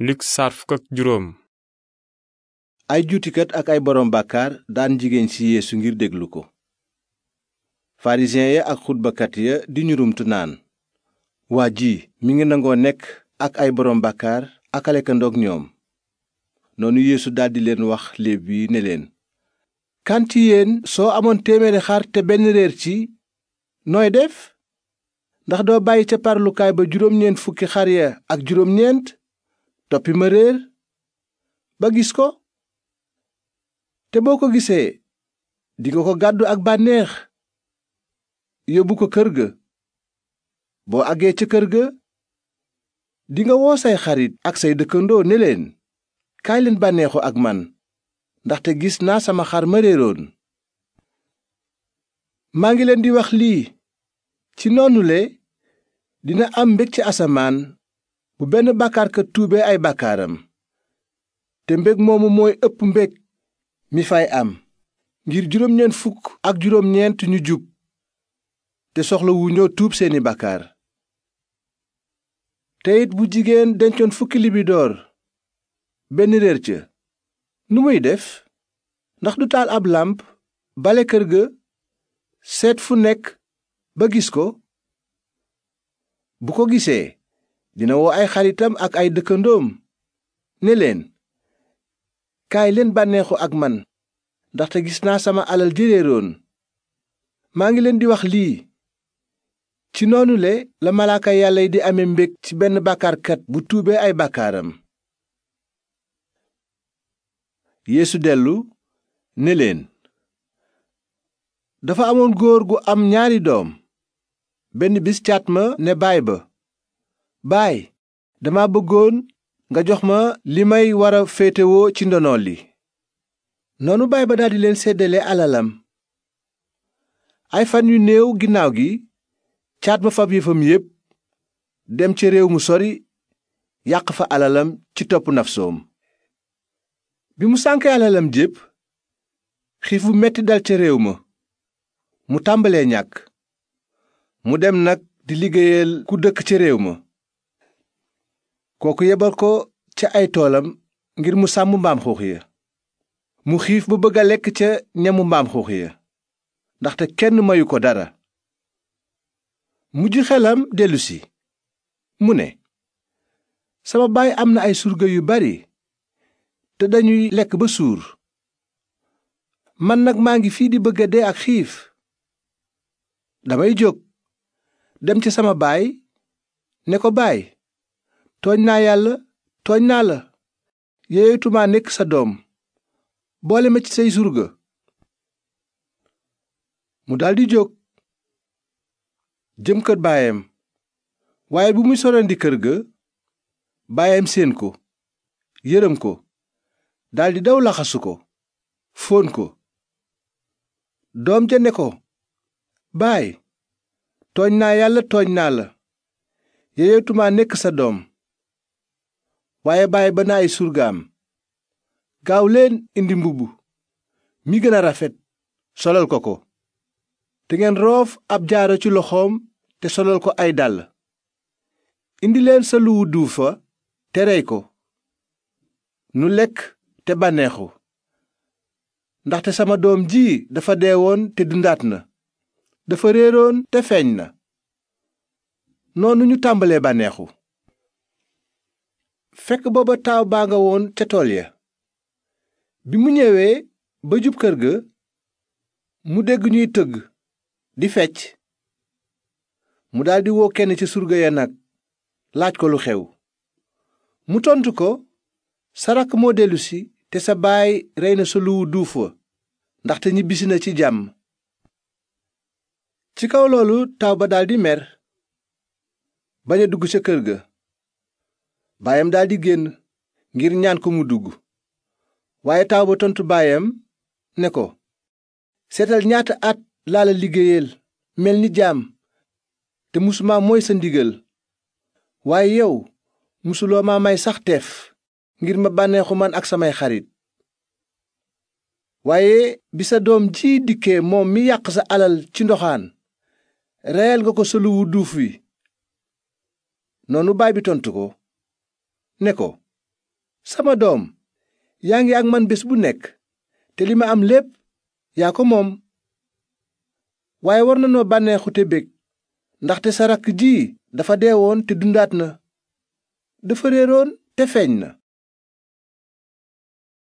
Luk saar juróom. ay juutikat ak ay boroom bàkkaar daan jigéen ci yéesu ngir déglu ko farisiyen ya ak xutbakat ya di ñurumtu naan waa ji mi ngi nangoo nekk ak ay boroom bàkkaar ak alekandoog ñoom noonu yéesu daldi leen wax léeb yi ne leen kan soo amoon téeméeri xar te benn réer ci nooy def ndax doo bàyyi ca parlukaay ba juróom ñeent fukki xar ya ak juróom ñeent toppi ma réer ba gis ko te boo ko gisee dinga ko gàddu ak bànneex yóbbu ko kër ga boo àggee ca kër ga dinga woo say xarit ak say dëkkandoo ne leen kaay leen bànneexu ak man ndaxte gis naa sama xar ma réeroon maa ngi leen di wax lii ci noonule dina am mbég ci asamaan bu benn bàkkaarkat tuubee ay bàkkaaram te mbég moomu mooy ëpp mbég mi fay am ngir juróom ñeent fukk ñu jub te soxla wu ñoo tuub seeni bàkkaar te it bu jigéen dencoon fukki libidoor benn réer ca nu muy def ndax du taal ab làmp bale kër ga seet fu nekk ba gis ko bu ko gisee dina woo ay xaritam ak ay dëkkandoom ne leen kaay leen bànneexu ak man ndaxte gis naa sama alal ji réeroon maa ngi leen di wax lii ci noonu le la malaaka yàlla yi di amee mbég ci benn bàkkaarkat bu tuubee ay bàkkaaram yéesu dellu ne leen dafa amoon góor gu am ñaari doom benn bis caat ma ne baay ba baay dama bëggoon nga jox ma li may war a féetewoo ci ndono li noonu baay ba daldi leen seddalee alalam ay fan yu néew ginnaaw gi caat ma fab yëfam yépp dem ca réew mu sori yàq fa alalam ci topp nafsoom bi mu sànkee alalam jépp xiif bu metti dal ca réew ma mu tàmbalee ñàkk mu dem nag di liggéeyal ku dëkk ca réew ma kooku yebal ko ca ay toolam ngir mu sàmm mbaam xuux ya mu xiif ba bëgg a lekk ca ñamu mbaam xuux ya ndaxte kenn mayu ko dara mujj xelam dellusi mu ne sama baay am na ay surga yu bari te dañuy lekk ba suur man nag maa ngi fii di bëgg a dee ak xiif damay jóg dem ci sama baay ne ko baay tooñ naa yàlla tooñ naa la yeeyatuma nekk sa doom boole ma ci say surga mu daldi jóg jëm kër baayam waaye bu muy sorandi kër ga baayam séen ko yërëm ko daldi daw laxasu ko fóon ko doom ja ne ko baay tooñ naa yàlla tooñ naa la yeeyatuma nekk sa doom waaye bàyyi ba na ay surgaam gaaw indi mbubb mi gën a rafet solal ko ko te ngeen roof ab jaaro ci loxoom te solal ko ay dàll indi leen sa luwu duufa te rey ko nu lekk te bànneexu ndaxte sama doom ji dafa deewoon te dundaat na dafa réeroon te feeñ na noonu ñu tàmbalee bànneexu fekk booba taaw baa nga woon ca tool ya bi mu ñëwee ba jub kër ga mu dégg ñuy tëgg di fecc mu daldi woo kenn ci surga ya nag laaj ko lu xew mu tontu ko sa rakk moo dellusi te sa baay rey na sa luwu duuf wa ndaxte ñibbisi na ci jàmm ci kaw loolu taaw ba daldi mer bañ dugg ca kër ga baayam daldi génn ngir ñaan ko mu dugg waaye taaw ba tontu baayam ne ko seetal ñaata at laa la liggéeyal mel ni jaam te musuma mooy sa ndigal waaye yow musuloo ma may sax teef ngir ma bànneexu man ak samay xarit waaye bi sa doom ji dikkee moom mi yàq sa alal ci ndoxaan reyal nga ko sa luwu duuf wi noonu baay bi tontu ko ne ko sama doom yaa ngi ak man bés bu nekk te li ma am lépp yaa ko moom waaye war na noo bànneexu te bég ndaxte sa rakk ji dafa deewoon te dundaat na dafa réeroon te feeñ na